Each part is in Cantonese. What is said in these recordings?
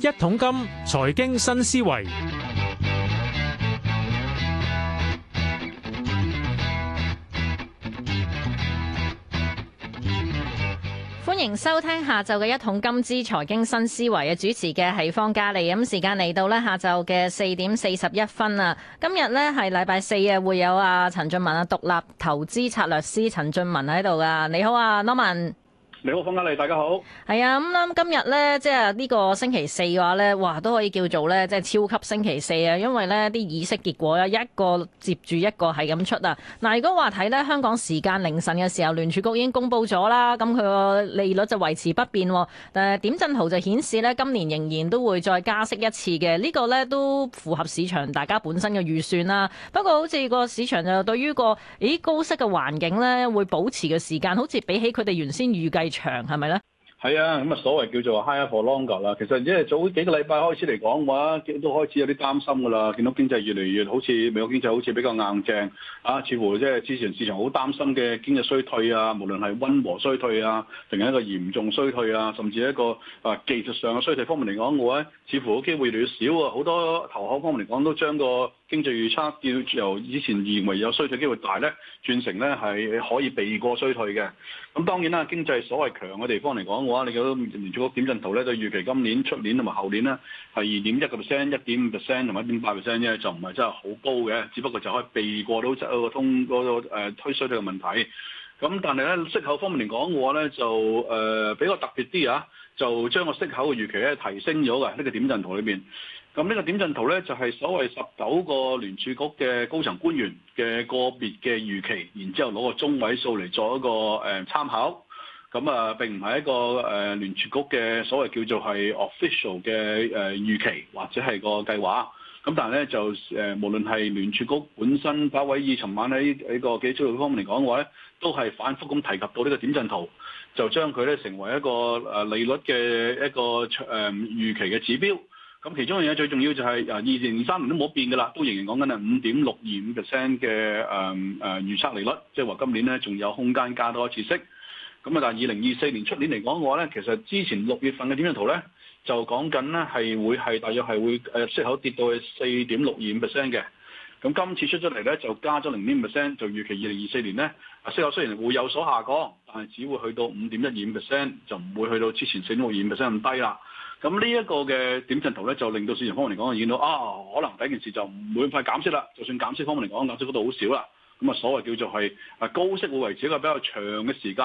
一桶金財經新思維，歡迎收聽下晝嘅一桶金之財經新思維嘅主持嘅係方嘉利。咁時間嚟到呢下晝嘅四點四十一分啊！今日呢係禮拜四啊，會有阿陳俊文啊，獨立投資策略師陳俊文喺度噶。你好啊，Norman。你好，方嘉麗，大家好。係啊，咁、嗯、啦，今日咧，即係呢個星期四嘅話咧，哇，都可以叫做咧，即係超級星期四啊！因為呢啲議息結果啊，一個接住一個係咁出啊。嗱、啊，如果話睇呢，香港時間凌晨嘅時候，聯儲局已經公布咗啦，咁佢個利率就維持不變、啊。但係點陣圖就顯示呢，今年仍然都會再加息一次嘅。呢、這個呢都符合市場大家本身嘅預算啦、啊。不過好似個市場就對於個，咦，高息嘅環境呢，會保持嘅時間，好似比起佢哋原先預計。長係咪咧？係啊，咁啊所謂叫做 higher for longer 啦。其實因為早幾個禮拜開始嚟講嘅話，都開始有啲擔心噶啦。見到經濟越嚟越好似美國經濟好似比較硬正啊，似乎即係之前市場好擔心嘅經濟衰退啊，無論係温和衰退啊，定係一個嚴重衰退啊，甚至一個啊技術上嘅衰退方面嚟講，嘅話似乎個機會越嚟越少啊。好多投行方面嚟講，都將個經濟預測要由以前認為有衰退機會大咧，轉成咧係可以避過衰退嘅。咁當然啦，經濟所謂強嘅地方嚟講嘅話，你見到聯儲局點陣圖咧，對預期今年、出年同埋後年咧係二點一個 percent、一點五 percent 同埋一點八 percent 啫，就唔係真係好高嘅。只不過就可以避過到即係通、個誒推衰退呢個問題。咁但係咧，息口方面嚟講嘅話咧，就誒、呃、比較特別啲啊。就將個息口嘅預期咧，提升咗嘅，呢、這個點陣圖裏面。咁呢個點陣圖咧就係、是、所謂十九個聯儲局嘅高層官員嘅個別嘅預期，然之後攞個中位數嚟做一個誒、呃、參考。咁啊、呃、並唔係一個誒、呃、聯儲局嘅所謂叫做係 official 嘅誒、呃、預期或者係個計劃。咁但係咧就誒、呃、無論係聯儲局本身，鮑威爾尋晚喺喺個記者會方面嚟講嘅話咧，都係反覆咁提及到呢個點陣圖。就將佢咧成為一個誒利率嘅一個長誒預期嘅指標。咁其中一樣嘢最重要就係誒二零二三年都冇變㗎啦，都仍然講緊係五點六二五 percent 嘅誒誒預測利率。即係話今年咧仲有空間加多一次息。咁啊，但係二零二四年出年嚟講嘅話咧，其實之前六月份嘅點陣圖咧，就講緊咧係會係大約係會誒息口跌到去四點六二五 percent 嘅。咁今次出咗嚟咧，就加咗零點五 percent，就預期二零二四年咧息口雖然會有所下降，但係只會去到五點一二五 percent，就唔會去到之前四點二五 percent 咁低啦。咁呢一個嘅點陣圖咧，就令到市場方面嚟講，見到啊可能第一件事就唔會咁快減息啦，就算減息方面嚟講，減息嗰度好少啦。咁啊所謂叫做係啊高息會維持一個比較長嘅時間，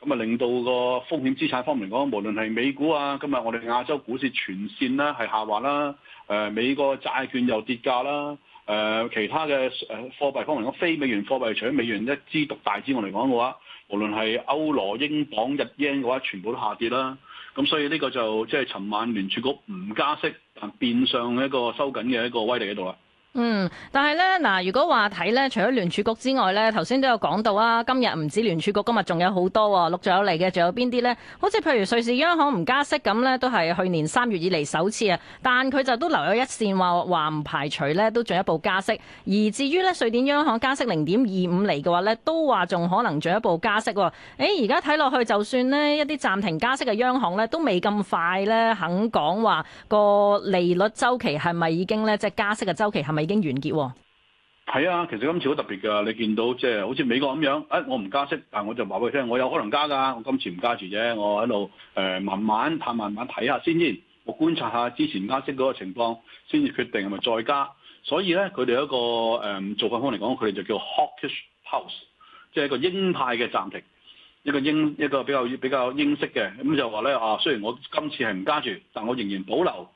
咁啊令到個風險資產方面嚟講，無論係美股啊，今日我哋亞洲股市全線啦係下滑啦、啊，誒、啊、美國債券又跌價啦。誒、呃、其他嘅誒、呃、貨幣方面嚟講，非美元貨幣除咗美元一枝獨大之外嚟講嘅話，無論係歐羅英、英鎊、日圓嘅話，全部都下跌啦。咁所以呢個就即係尋晚聯儲局唔加息，但變相嘅一個收緊嘅一個威力喺度啦。嗯，但係咧嗱，如果話睇咧，除咗聯儲局之外咧，頭先都有講到啊。今日唔止聯儲局，今日仲有好多喎，陸續有嚟嘅，仲有邊啲咧？好似譬如瑞士央行唔加息咁咧，都係去年三月以嚟首次啊。但佢就都留咗一線，話話唔排除咧都進一步加息。而至於咧，瑞典央行加息零點二五厘嘅話咧，都話仲可能進一步加息，哦。誒、欸，而家睇落去，就算咧一啲暫停加息嘅央行咧，都未咁快咧肯講話個利率周期係咪已經咧即係加息嘅周期係咪？已經完結喎，係啊，其實今次好特別噶，你見到即係好似美國咁樣，誒我唔加息，但我就話俾佢聽，我有可能加噶，我今次唔加住啫，我喺度誒慢慢探，怕慢慢睇下先先，我觀察下之前加息嗰個情況，先至決定係咪再加。所以咧，佢哋一個誒做法方面嚟講，佢哋就叫 hawkish pause，即係一個鷹派嘅暫停，一個鷹一個比較比較鷹式嘅，咁就話咧啊，雖然我今次係唔加住，但我仍然保留。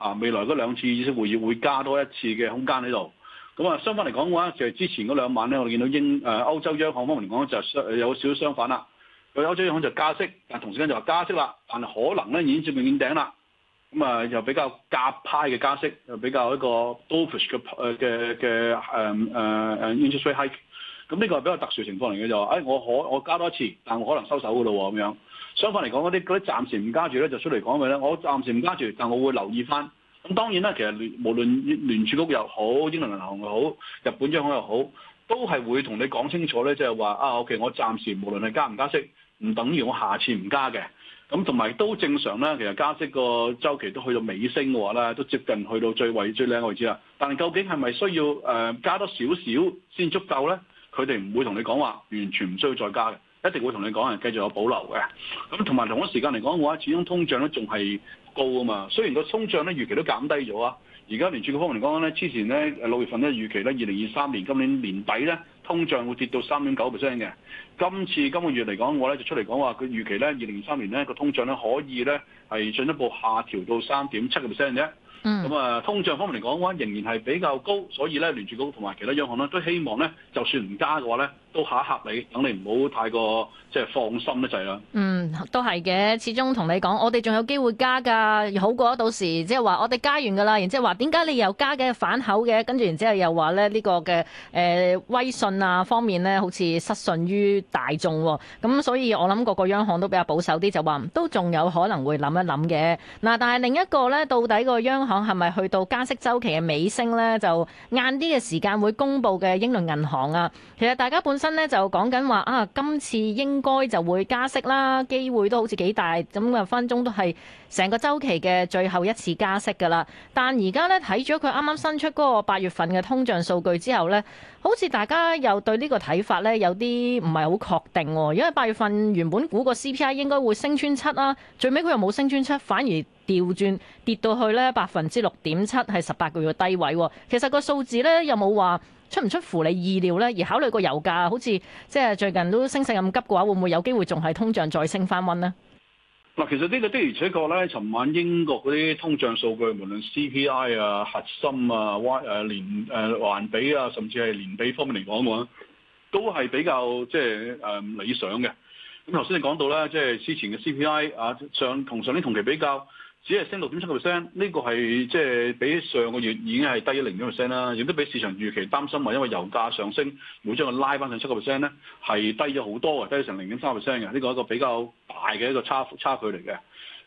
啊，未來嗰兩次議息會議會加多一次嘅空間喺度。咁、嗯、啊，相反嚟講嘅話，其、就、係、是、之前嗰兩晚咧，我哋見到英誒歐、呃、洲央行方面嚟講，就相有少少相反啦。佢歐洲央行就加息，但同時間就話加息啦，但可能咧已經接近頂啦。咁、嗯、啊、呃，又比較夾派嘅加息，又比較一個 dovish 嘅嘅嘅、呃、誒誒誒、嗯啊、interest hike。咁、嗯、呢、這個係比較特殊情況嚟嘅，就話、是、誒、哎、我可我加多一次，但我可能收手嘅咯咁樣。相反嚟講，嗰啲嗰啲暫時唔加住咧，就出嚟講嘅咧。我暫時唔加住，但我會留意返。咁當然啦，其實聯無論聯儲局又好，英倫銀行又好，日本央行又好，都係會同你講清楚咧，即係話啊，OK，我暫時無論係加唔加息，唔等於我下次唔加嘅。咁同埋都正常啦。其實加息個周期都去到尾聲嘅話咧，都接近去到最位最靚嘅位置啦。但係究竟係咪需要誒、呃、加多少少先足夠咧？佢哋唔會同你講話，完全唔需要再加嘅。一定會同你講，係繼續有保留嘅。咁同埋同一時間嚟講嘅話，始終通脹咧仲係高啊嘛。雖然個通脹咧預期都減低咗啊。而家聯儲個方面嚟講咧，之前咧六月份咧預期咧二零二三年今年年底咧通脹會跌到三點九 percent 嘅。今次今個月嚟講，我咧就出嚟講話，佢預期咧二零二三年咧個通脹咧可以咧係進一步下調到三點七個 percent 啫。咁啊，嗯、通脹方面嚟講嘅話，仍然係比較高，所以咧聯儲局同埋其他央行咧都希望呢，就算唔加嘅話呢，都嚇一嚇你，等你唔好太過即係放心一陣啦。嗯，都係嘅，始終同你講，我哋仲有機會加㗎，好過到時即係話我哋加完㗎啦，然之後話點解你又加嘅反口嘅，跟住然之後又話咧呢、呢個嘅誒、呃、威信啊方面呢，好似失信於大眾喎、哦。咁所以我諗個個央行都比較保守啲，就話都仲有可能會諗一諗嘅。嗱，但係另一個呢，到底個央行係咪去到加息週期嘅尾聲呢？就晏啲嘅時間會公布嘅英倫銀行啊，其實大家本身呢，就講緊話啊，今次應該就會加息啦，機會都好似幾大，咁嘅分鐘都係成個週期嘅最後一次加息㗎喇。但而家呢，睇咗佢啱啱新出嗰個八月份嘅通脹數據之後呢。好似大家又對呢個睇法呢，有啲唔係好確定喎。哦，因為八月份原本估個 CPI 應該會升穿七啦，啊，最尾佢又冇升穿七，反而調轉跌到去呢百分之六點七，係十八個月低位。哦。其實個數字呢，有冇話出唔出乎你意料呢？而考慮過油價，好似即係最近都升勢咁急嘅話，會唔會有機會仲係通脹再升翻溫呢？嗱，其實呢個的而且確咧，尋晚英國嗰啲通脹數據，無論 CPI 啊、核心啊、Y 誒年誒環比啊，甚至係年比方面嚟講嘅話，都係比較即係誒理想嘅。咁頭先你講到咧，即係之前嘅 CPI 啊，上同上年同期比較。只係升六點七個 percent，呢個係即係比上個月已經係低咗零點 percent 啦，亦都比市場預期擔心話因為油價上升會將佢拉翻上七個 percent 咧，係低咗好多嘅，低咗成零點三 percent 嘅，呢個係一個比較大嘅一個差差距嚟嘅。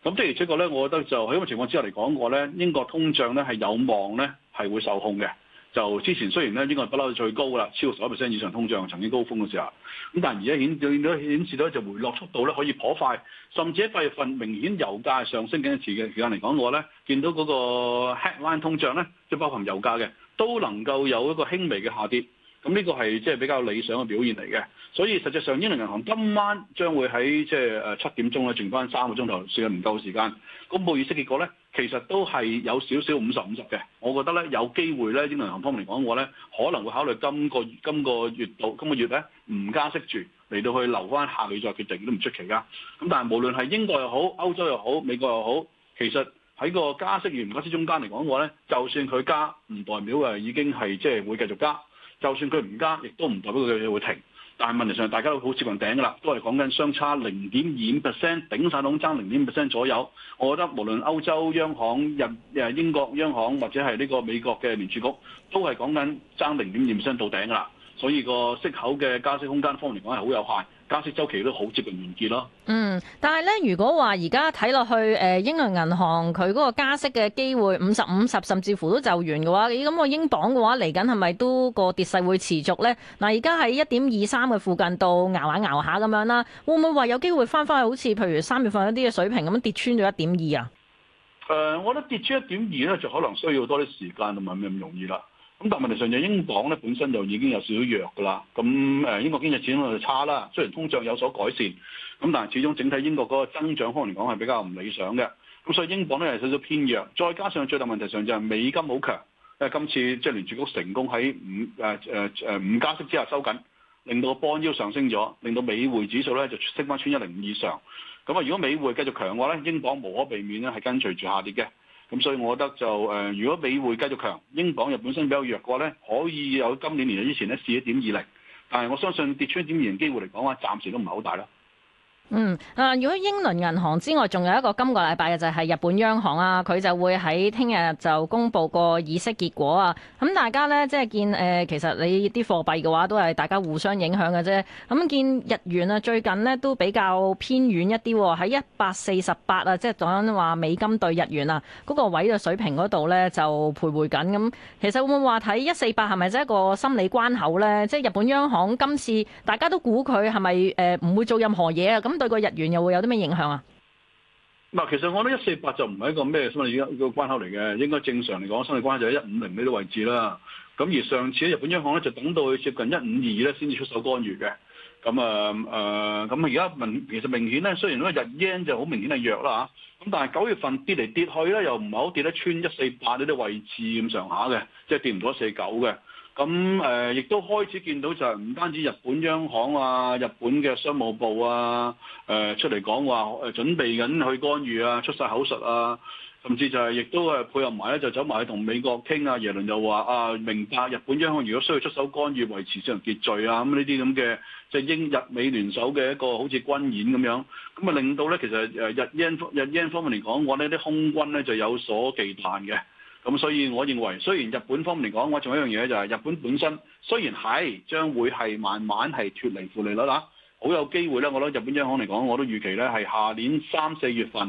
咁即係這個咧，我覺得就喺個情況之下嚟講，過咧英國通脹咧係有望咧係會受控嘅。就之前雖然咧呢個不嬲最高啦，超過十一%以上通脹曾經高峰嘅時候，咁但係而家顯見到顯示到就回落速度咧可以頗快，甚至喺八月份明顯油價上升緊一次嘅期間嚟講嘅話咧，見到嗰個 headline 通脹咧，即包含油價嘅，都能夠有一個輕微嘅下跌，咁呢個係即係比較理想嘅表現嚟嘅，所以實際上英倫銀行今晚將會喺即係誒七點鐘咧，剩翻三個鐘頭算係唔夠時間公佈議息結果咧。其實都係有少少五十五十嘅，我覺得呢，有機會呢，英倫銀行方面嚟講嘅話呢，可能會考慮今個今個月度今個月呢，唔加息住，嚟到去留翻下個月再決定都唔出奇噶。咁但係無論係英國又好、歐洲又好、美國又好，其實喺個加息與唔加息中間嚟講嘅話呢，就算佢加，唔代表誒已經係即係會繼續加；就算佢唔加，亦都唔代表佢會停。但係問題上，大家都好接近頂㗎啦，都係講緊相差零點二五 percent，頂晒籠爭零點五 percent 左右。我覺得無論歐洲央行、任誒英國央行或者係呢個美國嘅聯儲局，都係講緊爭零點二五 percent 到頂㗎啦。所以個息口嘅加息空間方面嚟講係好有限。加息周期都好接近完結咯。嗯，但係咧，如果話而家睇落去，誒，英倫銀行佢嗰個加息嘅機會五十五十，甚至乎都就完嘅話，咁個英鎊嘅話嚟緊係咪都個跌勢會持續咧？嗱，而家喺一點二三嘅附近度熬下熬下咁樣啦，會唔會話有機會翻返去好似譬如三月份一啲嘅水平咁樣跌穿咗一點二啊？誒，我覺得跌穿一點二咧，就可能需要多啲時間同埋唔係咁容易啦。咁但係問題上就英鎊咧本身就已經有少少弱㗎啦，咁誒英國經濟始終就差啦，雖然通脹有所改善，咁但係始終整體英國嗰個增長可能嚟講係比較唔理想嘅，咁所以英鎊咧係有少少偏弱，再加上最大問題上就係美金好強，因為今次即係聯儲局成功喺五誒誒誒五加息之下收緊，令到邦腰上升咗，令到美匯指數咧就升翻穿一零五以上，咁啊如果美匯繼續強嘅話咧，英鎊無可避免咧係跟隨住下跌嘅。咁所以，我覺得就誒、呃，如果美匯繼續強，英鎊又本身比較弱嘅話咧，可以有今年年頭之前咧試一點二零，但係我相信跌穿一點二零機會嚟講啊，暫時都唔係好大啦。嗯，啊，如果英倫銀行之外，仲有一個今個禮拜嘅就係日本央行啊，佢就會喺聽日就公布個議息結果啊。咁、嗯、大家呢，即係見誒、呃，其實你啲貨幣嘅話都係大家互相影響嘅啫。咁、嗯、見日元啊，最近呢都比較偏軟一啲喎，喺一百四十八啊，即係講話美金對日元啊，嗰個位嘅水平嗰度呢，就徘徊緊。咁、嗯、其實會唔會話睇一四八係咪一個心理關口呢？即係日本央行今次大家都估佢係咪誒唔會做任何嘢啊？咁對個日元又會有啲咩影響啊？嗱，其實我覺得一四八就唔係一個咩心理個關口嚟嘅，應該正常嚟講，心理關口就喺一五零呢啲位置啦。咁而上次咧，日本央行咧就等到去接近一五二咧，先至出手干預嘅。咁、嗯、啊，誒、嗯，咁而家明其實明顯咧，雖然咧個日元就好明顯係弱啦吓，咁但係九月份跌嚟跌去咧，又唔係好跌得穿一四八呢啲位置咁上下嘅，即、就、係、是、跌唔到一四九嘅。咁誒，亦、呃、都開始見到就係唔單止日本央行啊、日本嘅商務部啊，誒、呃、出嚟講話誒準備緊去干預啊、出晒口術啊，甚至就係亦都係配合埋咧，就走埋去同美國傾啊。耶倫又話啊，明白日本央行如果需要出手干預維持市場秩序啊，咁呢啲咁嘅即係英日美聯手嘅一個好似軍演咁樣，咁啊令到咧其實誒日英日英方面嚟講，我呢啲空軍咧就有所忌憚嘅。咁所以，我認為，雖然日本方面嚟講，我仲有一樣嘢就係、是、日本本身雖然係將會係慢慢係脫離負利率啦，好有機會咧。我諗日本央行嚟講，我都預期咧係下年三四月份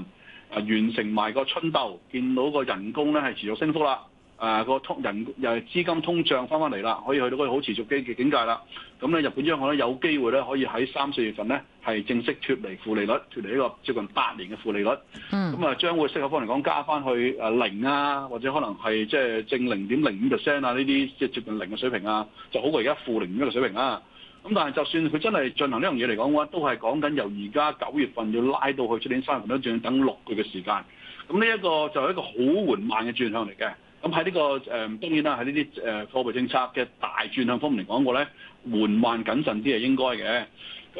啊完成埋個春鬥，見到個人工咧係持續升幅啦。啊！那個通人誒資金通脹翻翻嚟啦，可以去到嗰個好持續嘅境界啦。咁咧，日本央行咧有機會咧可以喺三四月份咧係正式脫離負利率，脫離呢個接近八年嘅負利率。咁啊，將會息口方面嚟講加翻去啊零啊，或者可能係即係正零點零五 percent 啊呢啲，即係接近零嘅水平啊，就好過而家負零點一水平啊。咁但係，就算佢真係進行呢樣嘢嚟講嘅話，都係講緊由而家九月份要拉到去出年三月份都仲要等六個月嘅時間。咁呢一個就係一個好緩慢嘅轉向嚟嘅。咁喺呢個誒，當然啦，喺呢啲誒貨幣政策嘅大轉向方面嚟講過咧，緩慢謹慎啲係應該嘅。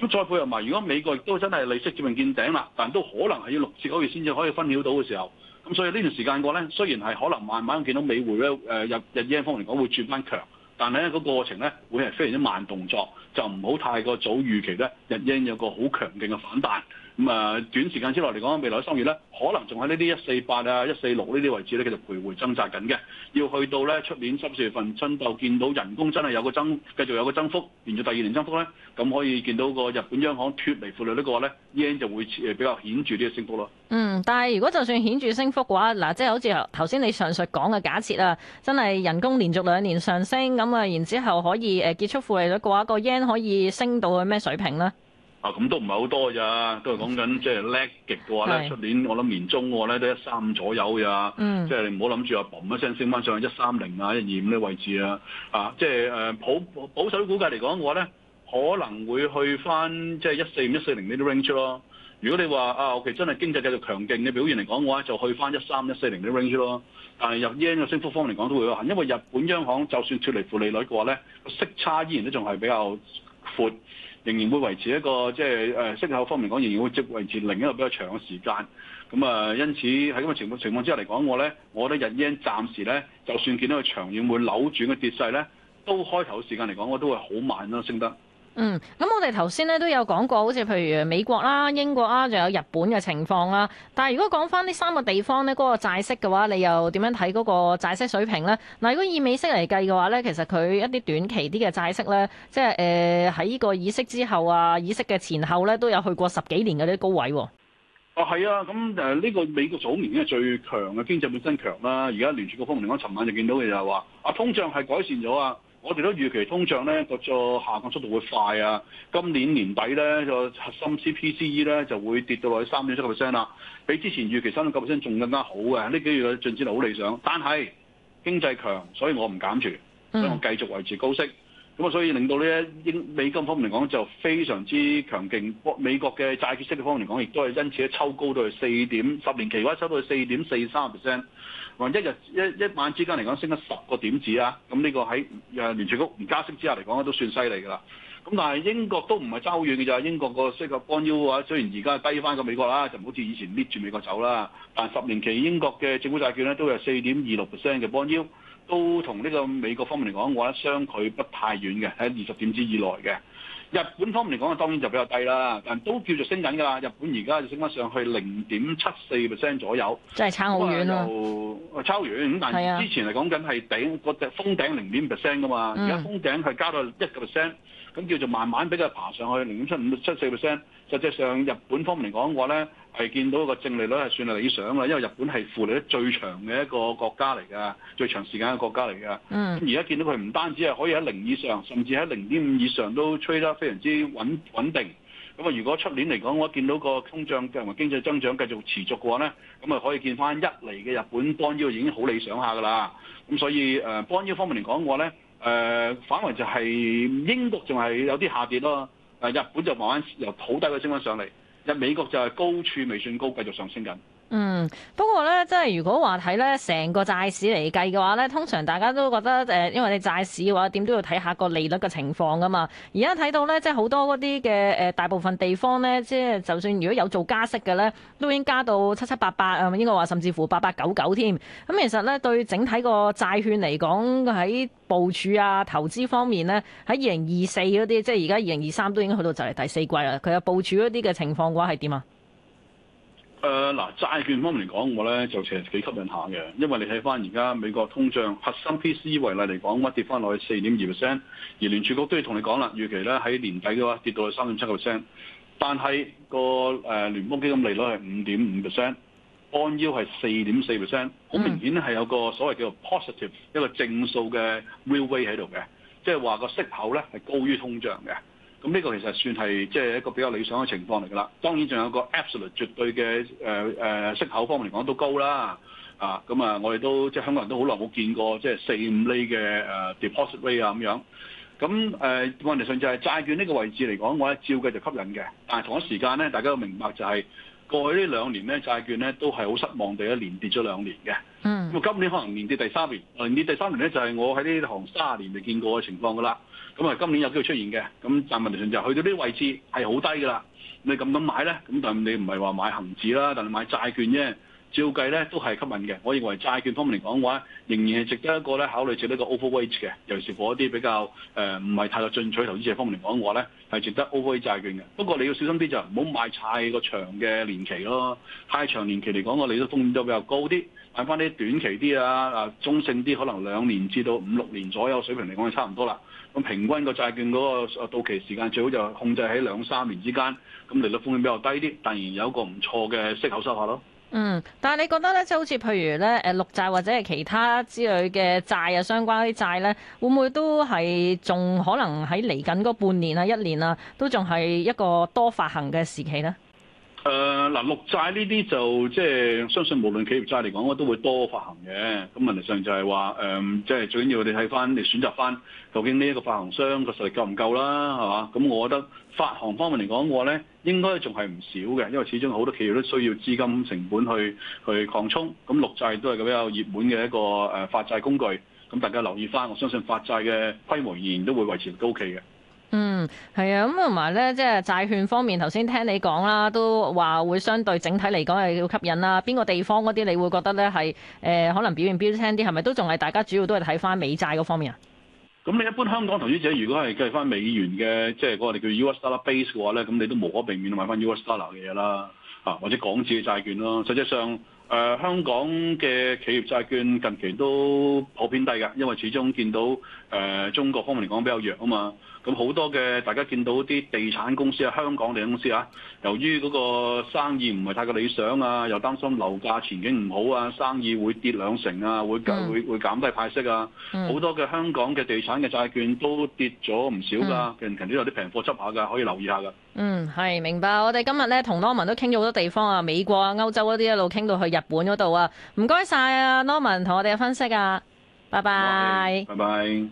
咁再配合埋，如果美國亦都真係利息接近見頂啦，但都可能係要六至九月先至可以分享到嘅時候。咁所以呢段時間過咧，雖然係可能慢慢見到美匯咧誒、呃、日日英 e 方嚟講會轉翻強，但係咧、那個過程咧會係非常之慢動作，就唔好太過早預期咧日英有個好強勁嘅反彈。咁啊，短時間之內嚟講，未來三月咧，可能仲喺呢啲一四八啊、一四六呢啲位置咧，繼續徘徊掙扎緊嘅。要去到咧出年三四月份，春鬥見到人工真係有個增，繼續有個增幅，連續第二年增幅咧，咁可以見到個日本央行脱離負利率嘅話咧，yen 就會比較顯著呢個升幅咯。嗯，但係如果就算顯著升幅嘅話，嗱，即係好似頭先你上述講嘅假設啊，真係人工連續兩年上升咁啊，然之後可以誒結束負利率嘅話，個 yen 可以升到去咩水平咧？啊，咁都唔係好多咋，都係講緊即係叻極嘅話咧。出是年我諗年中嘅話咧都一三五左右咋，mm. 即係唔好諗住話嘣一聲升翻上去一三零啊、一二五呢位置啊。啊，即係誒保保守估計嚟講嘅話咧，可能會去翻即係一四一四零呢啲 range 出咯。如果你話啊，後、okay, 期真係經濟繼續強勁嘅表現嚟講嘅話，就去翻一三一四零啲 range 咯。但係入 yen 嘅升幅方嚟講都會有限，因為日本央行就算脱離負利率嘅話咧，息差依然都仲係比較闊。仍然會維持一個即係誒息口方面講，仍然會維持另一個比較長嘅時間。咁啊，因此喺咁嘅情況情況之下嚟講，我咧，我覺得日圓暫時咧，就算見到佢長遠會扭轉嘅跌勢咧，都開頭嘅時間嚟講，我都會好慢咯、啊、升得。嗯，咁我哋頭先咧都有講過，好似譬如美國啦、英國啦，仲有日本嘅情況啦。但係如果講翻呢三個地方呢嗰個債息嘅話，你又點樣睇嗰個債息水平呢？嗱，如果以美息嚟計嘅話呢，其實佢一啲短期啲嘅債息呢，即係誒喺呢個議息之後啊，議息嘅前後呢，都有去過十幾年嗰啲高位喎。啊，係啊，咁誒呢個美國早年已係最強嘅經濟本身強啦。而家聯儲局方面，我尋晚就見到嘅就係話，啊通脹係改善咗啊。我哋都預期通脹咧個作下降速度會快啊！今年年底咧個核心 PCE 咧就會跌到落去三點七個 percent 啦，比之前預期三點九個 percent 仲更加好嘅啊。呢幾月嘅進展係好理想，但係經濟強，所以我唔減住，所以我繼續維持高息。咁啊，所以令到呢一英美金方面嚟講就非常之強勁。美國嘅債券息嘅方面嚟講，亦都係因此咧抽高到去四點十年期 4. 4.，嘅話抽到去四點四三個 percent。一日一一晚之間嚟講，升咗十個點子啊。咁呢個喺誒聯儲局唔加息之下嚟講都算犀利㗎啦。咁但係英國都唔係爭好遠嘅就咋，英國個息率 bond yield 嘅話，雖然而家低翻過美國啦，就唔好似以前搣住美國走啦。但十年期英國嘅政府債券咧，都有四點二六 percent 嘅 bond yield，都同呢個美國方面嚟講我覺得相距不太遠嘅，喺二十點子以內嘅。日本方面嚟講啊，當然就比較低啦，但都叫做升緊㗎喇。日本而家就升翻上去零點七四 percent 左右，真係差好遠咯。差遠咁，但之前係講緊係頂個隻封頂零點五 percent 㗎嘛，而家封頂係加到一個 percent，咁叫做慢慢俾佢爬上去零點七五七四 percent。實際上日本方面嚟講嘅話咧，係見到個正利率係算係理想嘅，因為日本係負利率最長嘅一個國家嚟嘅，最長時間嘅國家嚟嘅。嗯。而家見到佢唔單止係可以喺零以上，甚至喺零點五以上都吹得、er、非常之穩穩定。咁啊，如果出年嚟講，我見到個通脹同埋經濟增長繼續持續嘅話咧，咁啊可以見翻一嚟嘅日本邦腰已經好理想下噶啦。咁所以誒邦 U 方面嚟講嘅話咧，誒、呃、反為就係英國仲係有啲下跌咯。啊！日本就慢慢由好低嘅水平上嚟，而美國就係高處未算高，繼續上升緊。嗯，不過咧，即係如果話睇咧成個債市嚟計嘅話咧，通常大家都覺得誒、呃，因為你債市嘅話點都要睇下個利率嘅情況㗎嘛。而家睇到咧，即係好多嗰啲嘅誒，大部分地方咧，即係就算如果有做加息嘅咧，都已經加到七七八八，啊、呃，應該話甚至乎八八九九添。咁、嗯、其實咧，對整體個債券嚟講喺部署啊投資方面咧，喺二零二四嗰啲，即係而家二零二三都已經去到就嚟第四季啦。佢有部署嗰啲嘅情況嘅話係點啊？誒嗱、呃，債券方面嚟講，我咧就其實幾吸引下嘅，因為你睇翻而家美國通脹核心 PCE 為例嚟講，話跌翻落去四點二 percent，而聯儲局都要同你講啦，預期咧喺年底嘅話跌到去三點七個 percent，但係個誒聯邦基金利率係五點五 percent，on 幺係四點四 percent，好明顯係有個所謂叫做 positive 一個正數嘅 real rate 喺度嘅，即係話個息口咧係高於通脹嘅。咁呢個其實算係即係一個比較理想嘅情況嚟㗎啦。當然仲有個 absolute 絕對嘅誒誒息口方面嚟講都高啦。啊，咁啊，我哋都即係香港人都好耐冇見過即係四五厘嘅誒 deposit rate 啊咁樣。咁誒、啊、問題上就係債券呢個位置嚟講，我一照佢就吸引嘅，但係同一時間咧，大家都明白就係、是。過去呢兩年咧，債券咧都係好失望地，連跌咗兩年嘅。咁、嗯、今年可能連跌第三年，連跌第三年咧就係我喺呢行三十年未見過嘅情況噶啦。咁啊，今年有機會出現嘅。咁但問題上就係去到呢位置係好低噶啦。你咁樣買咧，咁但你唔係話買恒指啦，但係買債券啫，照計咧都係吸引嘅，我認為債券方面嚟講嘅話，仍然係值得一個咧考慮住呢個 overweight 嘅，尤其是嗰啲比較誒唔係太過進取投資者方面嚟講嘅話咧，係值得 overweight 債券嘅。不過你要小心啲就唔好買太個長嘅年期咯，太長年期嚟講個利率風險都比較高啲，買翻啲短期啲啊啊中性啲，可能兩年至到五六年左右水平嚟講就差唔多啦。咁平均個債券嗰個到期時間最好就控制喺兩三年之間，咁利率風險比較低啲，當然有一個唔錯嘅息口收下咯。嗯，但係你覺得咧，即係好似譬如咧，誒，綠債或者係其他之類嘅債啊，相關啲債咧，會唔會都係仲可能喺嚟緊嗰半年啊、一年啊，都仲係一個多發行嘅時期咧？誒嗱，綠債呢啲就即係、就是、相信無論企業債嚟講，我都會多發行嘅。咁問題上就係話，誒即係最緊要你睇翻，你選擇翻究竟呢一個發行商個實力夠唔夠啦，係嘛？咁我覺得發行方面嚟講，我咧應該仲係唔少嘅，因為始終好多企業都需要資金成本去去擴充。咁綠債都係比較熱門嘅一個誒發債工具。咁大家留意翻，我相信發債嘅規模仍然都會維持高企嘅。嗯，係啊，咁同埋咧，即係債券方面，頭先聽你講啦，都話會相對整體嚟講係要吸引啦。邊個地方嗰啲你會覺得咧係誒可能表現標青啲？係咪都仲係大家主要都係睇翻美債嗰方面啊？咁你一般香港投資者如果係計翻美元嘅，即係嗰個你叫 US dollar base 嘅話咧，咁你都無可避免買翻 US dollar 嘅嘢啦，啊或者港紙嘅債券咯，實際上。誒、呃、香港嘅企業債券近期都普遍低㗎，因為始終見到誒、呃、中國方面嚟講比較弱啊嘛。咁好多嘅大家見到啲地產公司啊，香港地產公司啊，由於嗰個生意唔係太過理想啊，又擔心樓價前景唔好啊，生意會跌兩成啊、嗯，會減會會減低派息啊。好、嗯、多嘅香港嘅地產嘅債券都跌咗唔少㗎，近期都有啲平貨執下㗎，可以留意下㗎。嗯，係明白。我哋今日咧同 Norman 都傾咗好多地方啊，美國啊、歐洲嗰啲一路傾到去日本嗰度啊。唔該晒啊，Norman 同我哋嘅分析啊，拜拜，拜拜，拜拜。